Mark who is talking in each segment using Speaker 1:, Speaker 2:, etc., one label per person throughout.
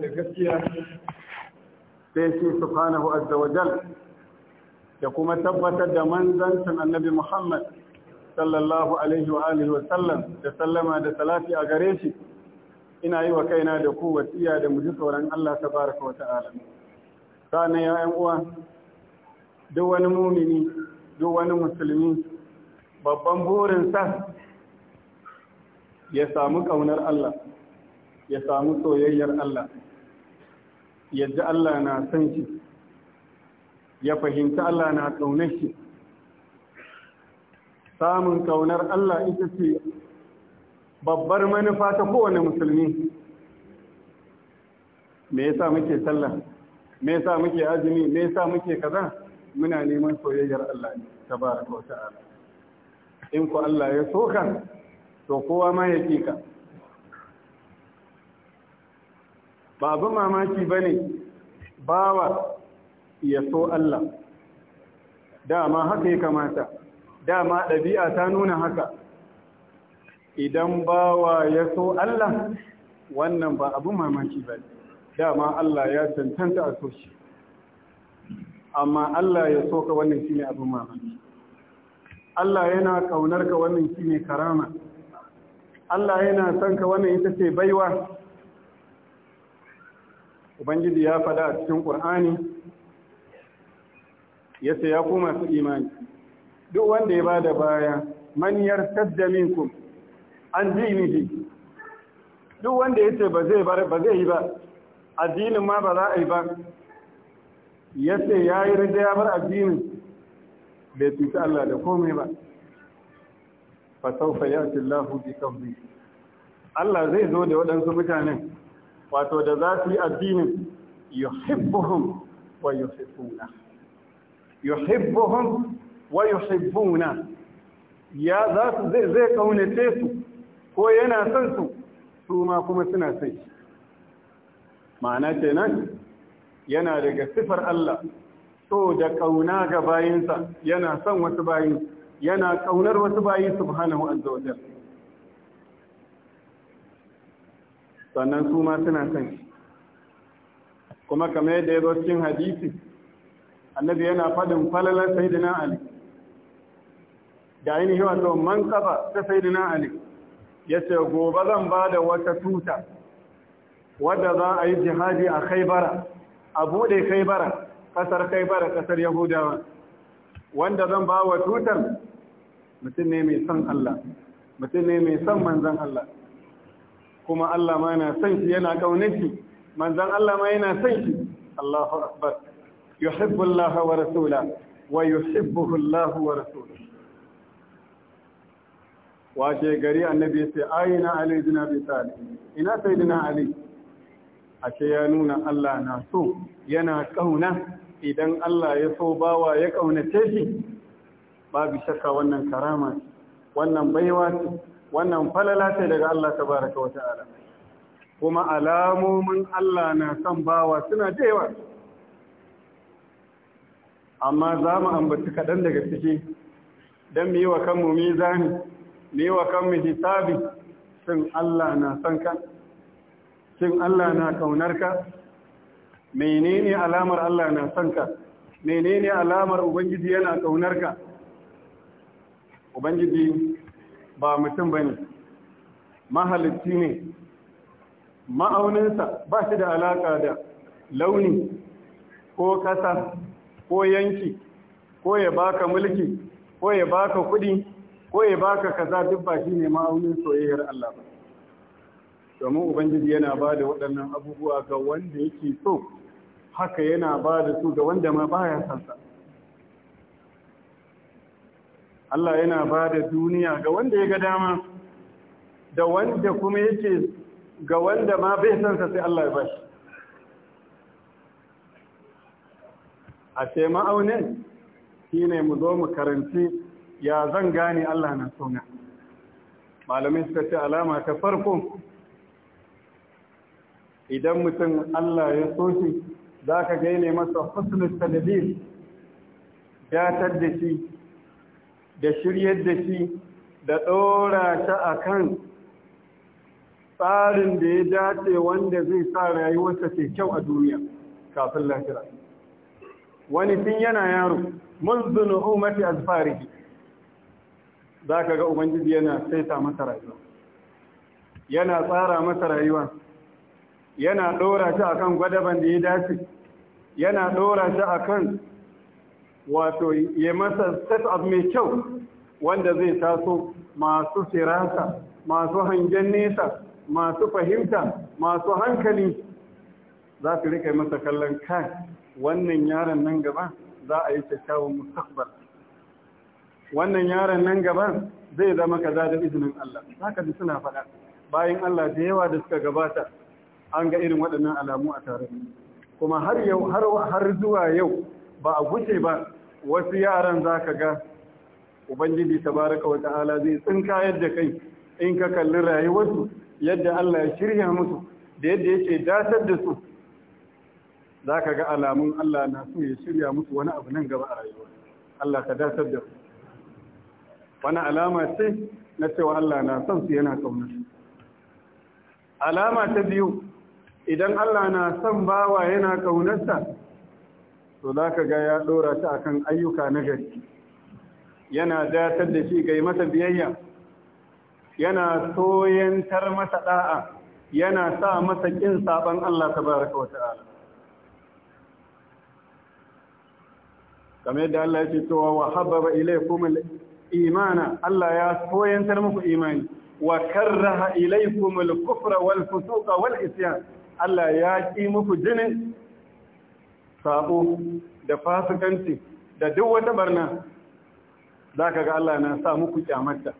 Speaker 1: da gaskiya sai shi subhanahu azza wa jal da kuma tabbatar da manzancin annabi Muhammad sallallahu alaihi wa alihi da sallama da salati a gare shi ina yi wa kaina da ku wasiya da mu ji tsoron Allah tabaraka wa ta'ala sannan ya ƴan uwa duk wani mumini duk wani musulmi babban burin sa ya samu kaunar Allah ya samu soyayyar Allah yadda Allah na san shi ya fahimta Allah na ƙaunar shi samun ƙaunar Allah ita ce babbar manufa ta kowane musulmi me yasa muke sallah me yasa muke azumi me yasa muke kaza muna neman soyayyar Allah ne tabaraka wa ta'ala in ku Allah ya soka to kowa ma ya kika ba abin mamaki ba ne bawa ya so Allah dama haka ya kamata dama ɗabi'a ta nuna haka idan bawa ya so Allah wannan ba abin mamaki ba dama Allah ya cancanta a so amma Allah ya so ka wannan shine abin mamaki Allah yana kaunar ka wannan shine karama Allah yana son ka wannan ita ce baiwa ubangiji ya faɗa a cikin ƙur'ani ya ce ya kuma su imani duk wanda ya bada baya maniyar tadda ku an dinihi duk wanda ya ce ba zai ba zai yi ba addinin ma ba za a yi ba ya ce ya yi rida ya bar addinin bai cuci Allah da komai ba fa saufa ya ce Allah zai zo da waɗansu mutanen wato da za su yi addinin yuhibbuhum wa yuhibbuna yuhibbuhum wa yuhibbuna ya za su zai zai kaunace su ko yana son su su ma kuma suna sai. Ma'ana ma'ana nan, yana daga sifar Allah so da kauna ga bayinsa yana son wasu bayi yana kaunar wasu bayi subhanahu azza wajalla sannan su ma suna son shi kuma kamar yadda ya zo cikin hadisi annabi yana fadin falalar na ali da ainihi wato man kafa ta na ali ya ce gobe zan ba da wata tuta wadda za a yi jihadi a khaibara a bude khaibara ƙasar khaibara ƙasar yahudawa wanda zan ba wa tutar mutum ne mai son Allah mutum ne mai son manzan Allah kuma Allah ma yana son shi yana kaunar shi manzon Allah ma yana son shi Allahu akbar yuhibbu Allah wa rasula wa yuhibbuhu Allah wa rasula washe gari annabi ya ce ayina Ali bin Abi Talib ina sayyidina Ali ce ya nuna Allah na so yana kauna idan Allah ya so bawa ya kaunace shi babu shakka wannan karama wannan baiwa ce wannan falala ce daga Allah tabaraka wata'ala kuma alamomin Allah na son bawa suna da yawa amma za mu ambaci kaɗan daga ciki don mu yi wa kanmu mizani mu yi wa kanmu hisabi shin Allah na son ka shin Allah na kaunar ka menene alamar Allah na son ka menene alamar ubangiji yana kaunar ka ubangiji ba mutum ba ne mahalicci ne ma'auninsa ba shi da alaƙa da launi ko ƙasa ko yanki ko ya baka mulki ko ya baka kuɗi ko ya baka kaza duk ba shi ne ma'aunin soyayyar Allah ba domin ubangiji yana ba da waɗannan abubuwa ga wanda yake so haka yana ba da su ga wanda ma baya sansa Allah yana ba da duniya ga wanda ya ga dama da wanda kuma yake ga wanda ma bai sansa sai Allah ya shi a ce ma'aune shi ne mu zo mu karanci ya zan gane Allah na suna Malamin suka ce alama ta farko idan mutum Allah ya so shi za ka gaine masa husnul tadbir ya da da shiryar da shi da ɗora shi a kan tsarin da ya dace wanda zai sa rayuwarsa ce kyau a duniya kafin lafira wani tun yana yaro umarci a zafari za ka ga ubangiji yana saita masa rayuwa yana tsara masa rayuwa yana ɗora shi kan gwadaban da ya dace yana ɗora shi kan. wato ya masa set up mai kyau wanda zai taso masu firasa masu hangen nesa masu fahimta masu hankali za su rika masa kallon kai wannan yaron nan gaba za a yi kyakkyawan mustaqbal wannan yaron nan gaba zai zama kaza da izinin Allah haka da suna faɗa bayan Allah da yawa da suka gabata an ga irin waɗannan alamu a tare kuma har har zuwa yau ba a gushe ba wasu yaran za ka ga ubangiji tabaraka wa ta'ala zai tsinka da kai in ka kalli rayuwarsu yadda Allah ya shirya musu da yadda yake datar da su za ka ga alamun Allah na su ya shirya musu wani abu nan gaba a rayuwa Allah ka datar da su wani alama ce na cewa Allah na son su yana kauna alama ta biyu idan Allah na son bawa yana kaunarsa to za ka ga ya ɗora ta akan ayyuka na gari yana datar da shi ga masa biyayya yana soyantar masa ɗa'a yana sa masa ƙin saɓon Allah ta baraka wa ta'ala kamar yadda Allah ya ce towa wa habbaba kuma imana Allah ya soyantar muku imani wa karraha ilai al-kufra wal fusuqa wal isyan Allah ya ƙi muku jinin sabo da fasikanci da duk wata barna za ka ga Allah na sa muku kyamarta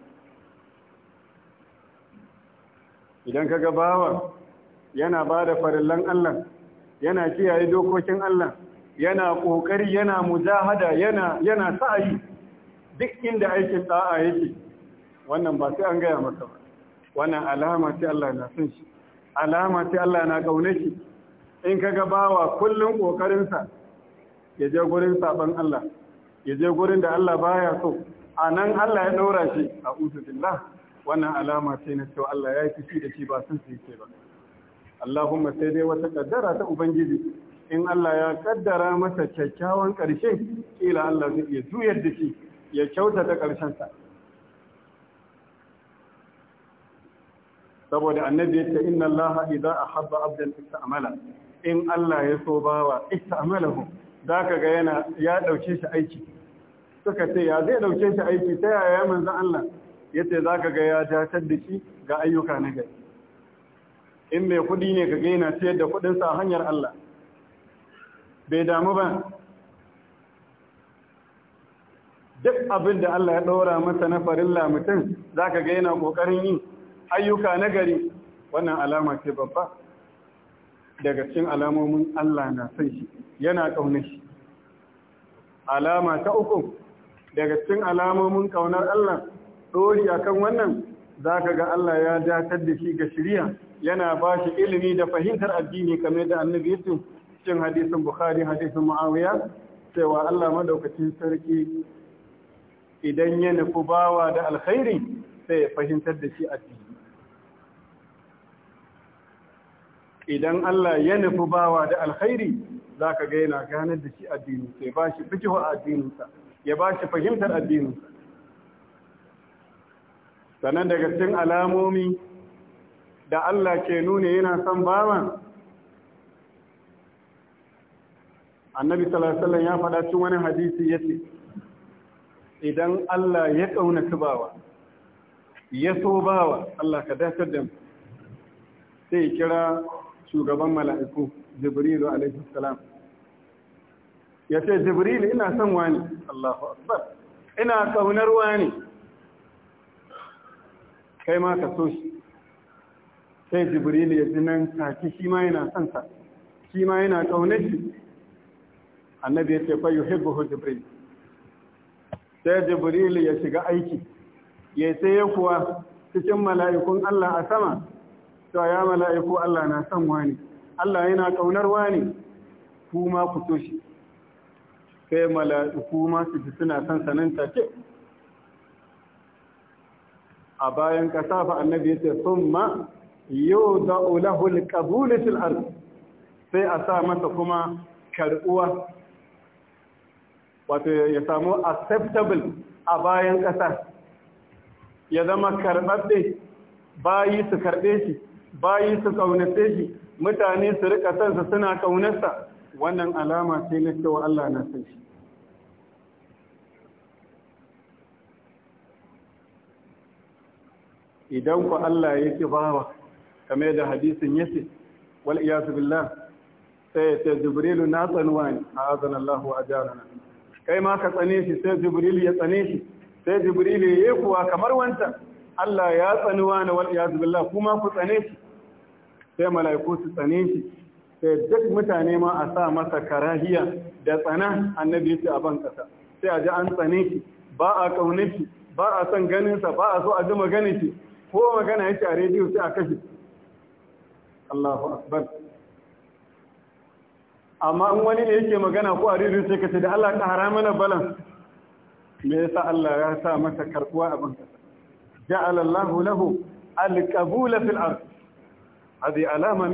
Speaker 1: idan ka ga bawa yana ba da farillan Allah yana kiyaye dokokin Allah yana ƙoƙari yana mujahada yana yana sa'ayi duk inda aikin da'a yake wannan ba sai an gaya maka ba wannan alama ce Allah na son shi alama ce Allah na kaune shi in ka bawa kullum ƙoƙarinsa ya je gurin saɓon Allah ya je gurin da Allah baya so a nan Allah ya ɗora shi a uzubillah wannan alama ce na cewa Allah ya fi shi da shi ba sun su yake ba Allahumma sai dai wata ƙaddara ta Ubangiji in Allah ya ƙaddara masa kyakkyawan ƙarshe ƙila Allah zai iya juyar da shi ya kyauta kyautata ƙarshensa saboda annabi ya ce inna Allah idza ahabba abdan istamala in Allah ya so bawa amalahu za ka ga yana ya ɗauke shi aiki suka ce ya zai ɗauke shi aiki ta yaya manzan Allah ya ce za ka ga ya datar da ga ayyuka na gari in mai kuɗi ne ka gaina ciyar da kuɗinsa a hanyar Allah bai damu ba duk abin da Allah ya ɗora masa na farilla mutum za ka gaina ƙoƙarin yi ayyuka na gari wannan alama ce babba daga cikin alamomin Allah na son shi yana ƙaunar shi alama ta uku daga cikin alamomin ƙaunar Allah ɗori akan wannan za ka ga Allah ya datar da shi ga shirya yana ba shi ilimi da fahimtar addini kamar da annabi yace cin hadisin bukhari hadisin muawiya cewa Allah madaukakin sarki idan ya nufi bawa da alkhairi sai ya fahimtar da shi addini idan Allah ya nufi bawa da alkhairi za ka ga yana ganar da shi addininsa ya ba shi fikihu a addininsa ya ba shi fahimtar addininsa sannan daga cikin alamomi da Allah ke nuna yana son bawa annabi sallallahu ya faɗa cin wani hadisi ya ce. idan Allah ya ƙaunaci bawa ya so bawa Allah ka dasar da mu sai kira shugaban mala'iku jibrilu alaihi salam ya ce jibrilu ina son wani Allahu akbar ina kaunar wani kai ma ka so shi sai jibrilu ya ji nan take shi ma yana son sa shi ma yana kaunar shi annabi ya ce fa yuhibbuhu jibril sai jibrilu ya shiga aiki ya sai kuwa cikin mala'ikun Allah a sama cewa ya mala'iku Allah na son wani Allah yana kaunar wani kuma ku so shi sai mala'iku ma su ji suna son sanin take a bayan kasa fa annabi ya sun ma yudau lahu alqabul fil ard sai a sa masa kuma karɓuwa wato ya samu acceptable a bayan kasa ya zama karɓaɓɓe bayi su karɓe shi bayi su kaunace shi mutane su rika san sa suna kaunarsa wannan alama ce na cewa Allah na san shi idan ku Allah ya ki bawa kamar da hadisin yace wal iyasu billah sai sai jibrilu na tsanuwa ne a azan Allah wa ajarana kai ma ka tsane shi sai jibrilu ya tsane shi sai jibrilu ya yi kuwa kamar wancan Allah ya tsani wani wal iyaz billah kuma ku tsane shi sai mala'iku su tsane shi sai duk mutane ma a sa masa karahiya da tsana annabi yace a ban ƙasa sai a ji an tsane shi ba a ƙaunin shi ba a son ganinsa ba a so a ji maganin shi ko magana yake a rediyo sai a kashe Allahu akbar amma in wani ne yake magana ko a rediyo sai ka ce da Allah ka haramuna balan me yasa Allah ya sa masa karɓuwa a ban ƙasa. ja'ala Allahu lahu al-qabula fil ard hadi alama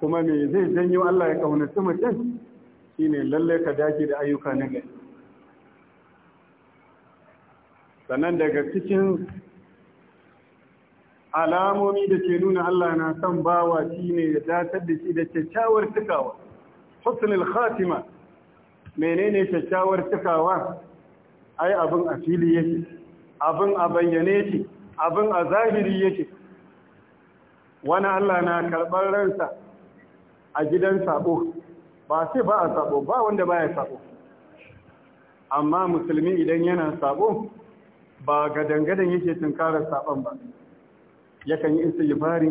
Speaker 1: kuma me zai janyo Allah ya kaunaci mutum shine lalle ka dace da ayyuka na gari sannan daga cikin alamomi da ke nuna Allah na son bawa shine ya datar da kyakkyawar tukawa husnul khatima menene kyakkyawar cikawa? ai abin a fili yake abin a bayyane yake abin a zahiri yake wani Allah na karɓar ransa a gidan sabo ba sai ba a sabo ba wanda ba ya sabo amma musulmi idan yana sabo ba ga dangadan yake tunkarar sabon ba yakan yi istighfari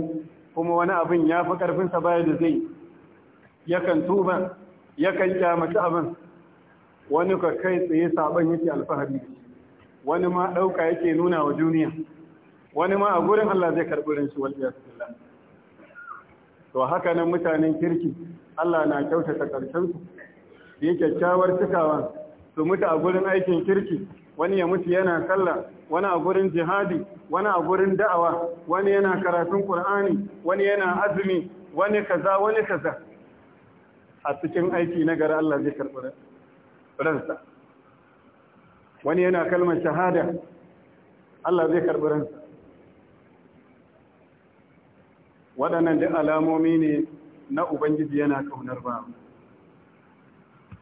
Speaker 1: kuma wani abin ya fi karfinsa baya da zai yakan tuba yakan kyamata abin wani ka kai tsaye saban yake alfahari wani ma ɗauka yake nuna wa duniya wani ma a gurin Allah zai karɓi rinsu su sallah to haka nan mutanen kirki Allah na kyautata ƙarshen su yi kyakkyawar cikawa su mutu a gurin aikin kirki wani ya mutu yana sallah wani a gurin jihadi wani a gurin da'awa wani yana karatun Kur'ani, wani yana azumi wani kaza wani kaza a cikin aiki na gara Allah zai karɓi ransa wani yana kalmar shahada Allah zai karɓi ransa waɗannan da alamomi ne na ubangiji yana kaunar ba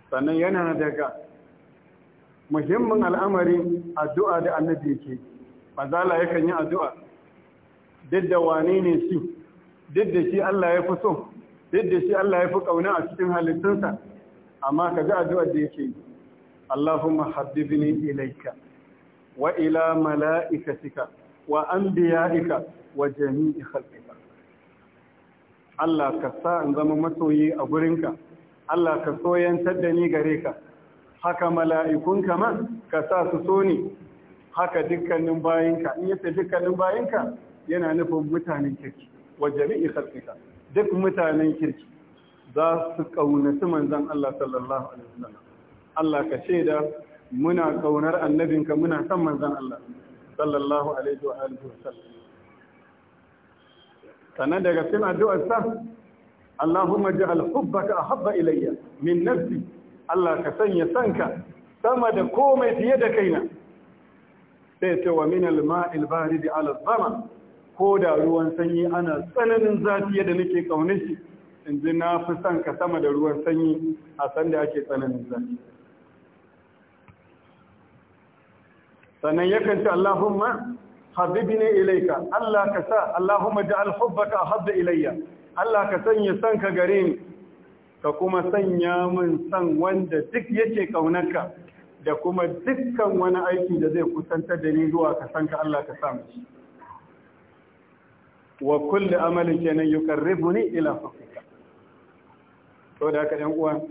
Speaker 1: sannan yana daga muhimmin al'amari addu'a da annabi yake mazala kan yi addu'a duk da wane ne shi duk da shi Allah ya fi so duk da shi Allah ya fi ƙauna a cikin halittunsa amma ka ji addu'ar da yake yi Allahumma habbibni ilaika wa ila mala'ikatika wa anbiya'ika wa jami'i khalqika Allah ka sa in zama masoyi a gurinka Allah ka soyantar da ni gare ka haka mala'ikunka man ka sa su so ni haka dukkanin bayinka in yace dukkanin bayinka yana nufin mutanen kirki wa jami'i khalqika duk mutanen kirki za su kaunaci manzan Allah sallallahu alaihi wasallam Allah ka shaida muna kaunar annabinka muna son manzan Allah sallallahu alaihi wa wasallam sannan daga du'arsa, Allahumma ji alhubba ka a habba ilayya min nafsi Allah ka sanya sanka sama da komai fiye da kaina sai ce wa min alma ilbari da alazama, ko da ruwan sanyi ana tsananin zafi da nake ƙaunar shi in ji na fi son ka sama da ruwan sanyi a sanda ake tsananin zafi sannan yakan ce Allahumma ne ilaika Allah ka sa Allahumma ja'al hubbaka habba ilayya Allah ka sanya son ka gare ni ka kuma sanya min son wanda duk yake kaunarka da kuma dukkan wani aiki da zai kusantar da ni zuwa ka san ka Allah ka sa shi wa kulli amalin kenan yuqarribuni ila hubbika da haka ɗan uwa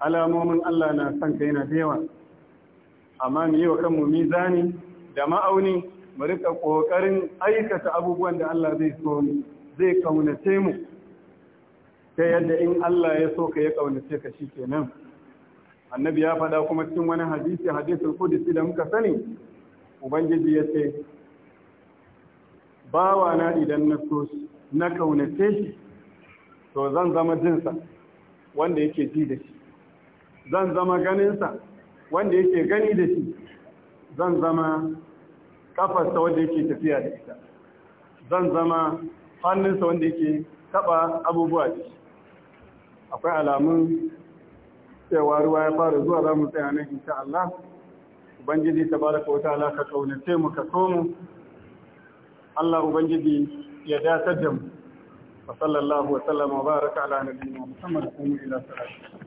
Speaker 1: alamomin Allah na son ka yana da yawa amma mu yi wa kanmu mizani da ma'auni mu rika ƙoƙarin aikata abubuwan da Allah zai so mu zai kaunace mu ta yadda in Allah ya so ka ya kaunace ka shi nan annabi ya faɗa kuma cikin wani hadisi hadisul qudsi da muka sani ubangiji ya ce bawa na idan na so na kaunace shi to zan zama jinsa wanda yake ji da shi zan zama ganinsa wanda yake gani da shi zan zama kafarsa wanda yake tafiya da ita zan zama hannunsa wanda yake taba abubuwa da shi akwai alamun cewa ruwa ya fara zuwa za mu tsaya nan insha Allah ubangiji bada wa ta'ala ka kaunace mu ka so mu Allah ubangiji ya datar da mu وصلى الله وسلم وبارك على نبينا محمد إلى صلاته